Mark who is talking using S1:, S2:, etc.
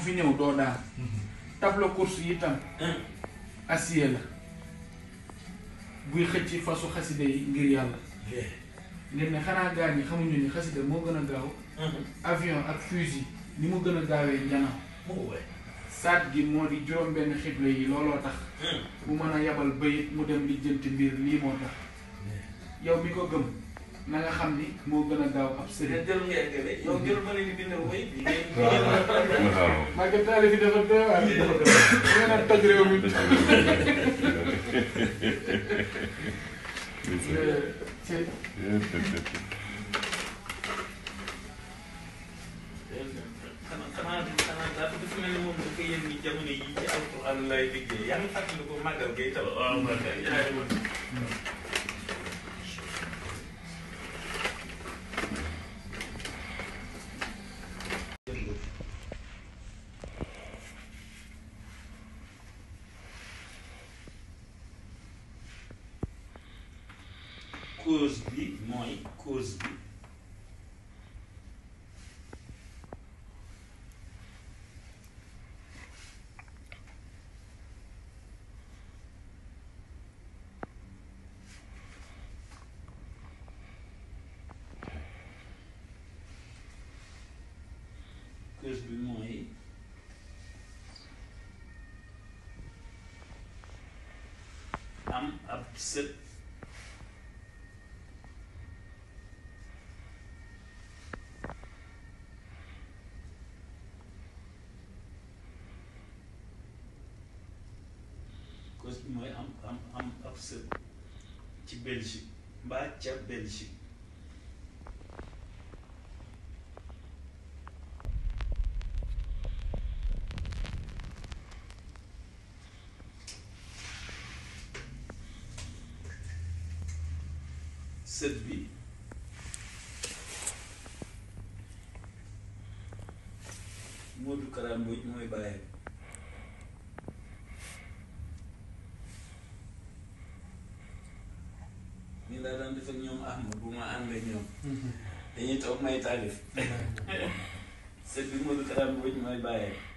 S1: fi ñëw doo daan tableau course yi tam acier la buy xëcc fasu xaside yi ngir yàlla eh. ngeen ne xanaa gaar ni xamuñu ni xaside moo gën a gaaw avion ak fusil ni mu gën a gaawee njanaaw oh, saat gi moo di juróom benn xible yi looloo tax mu mën a yabal bayit mu dem lijjanti mbir lii moo tax eh. yow mi ko gëm na nga xam ni moo gën a gaaw ab sëriñ. jël nga engrais yow jël ma leen di bindal way bi. waaw maa ngi taale fi dafa doy dafa doy nga naan mi. xanaa xanaa Cosby, mãe, Cosby. Cosby, mãe. I'm cause bi mooy am am am ab sër ci Belgique mbaa ca Belgique sët bi Modou Kara Mbodj mooy bàyyam nii laa daan def ak ñoom Ahmad bu ma ànd ak ñoom. dañuy may taalif. sët bi Modou Kara Mbodj mooy bàyyee.